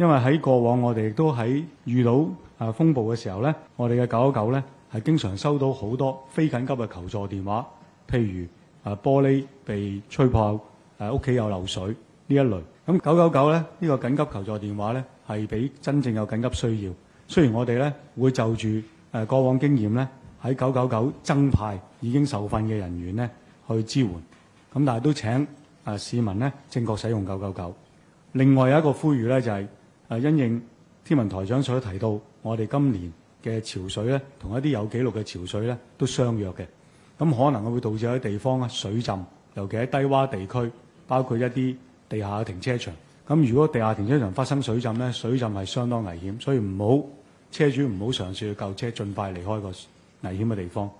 因為喺過往我哋亦都都喺遇到啊風暴嘅時候咧，我哋嘅九九九咧係經常收到好多非緊急嘅求助電話，譬如啊玻璃被吹破，誒屋企有漏水呢一類。咁九九九咧呢個緊急求助電話咧係俾真正有緊急需要。雖然我哋咧會就住誒過往經驗咧喺九九九增派已經受訓嘅人員咧去支援，咁但係都請誒市民咧正確使用九九九。另外有一個呼籲咧就係、是。誒因應天文台長所提到，我哋今年嘅潮水咧，同一啲有記錄嘅潮水咧，都相若嘅。咁可能會導致一啲地方咧水浸，尤其喺低窪地區，包括一啲地下停車場。咁如果地下停車場發生水浸咧，水浸係相當危險，所以唔好車主唔好嘗試去救車，盡快離開個危險嘅地方。